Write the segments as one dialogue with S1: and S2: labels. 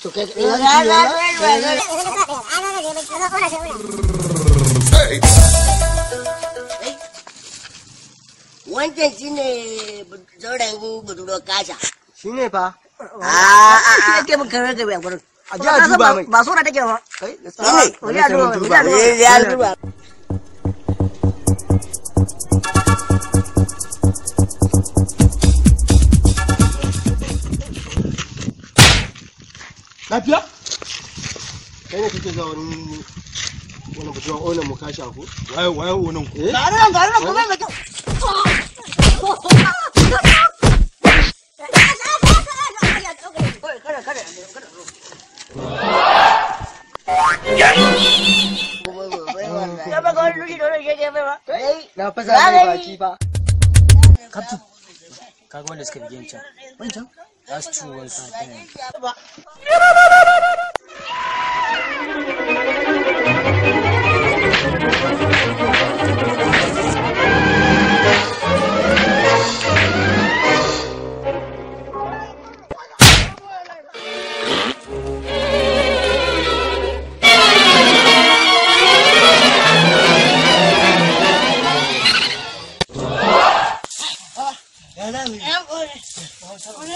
S1: To Wancan shi ne zauren budurwar kasha. Shi ne fa? A'a. A ne ke a gurin. A a duba mai. Ba lafiya kai ne kake za wani wani onan waye waye onan eh? gari nan gari nan kuma kaga wanda suka bige ni can. That's true words right ơi Rồi sao rồi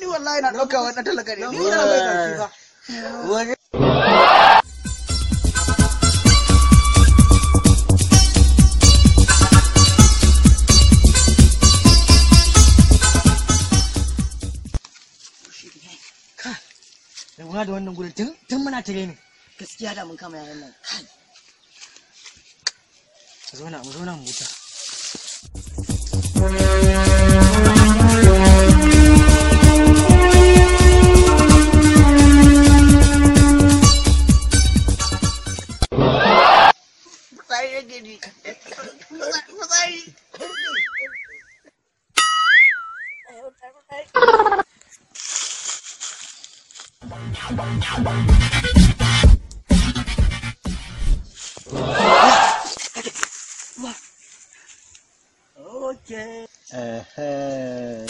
S1: Ni wallahi nak kau kawan ada lagi ni. Ni dah baik kan. ngah doan nunggu leh ceng, ceng mana ceng ini? Kesia dah mengkam yang lain. Masuk nak, masuk nak muda. Ha ha ha ha! 오케이. 에헤.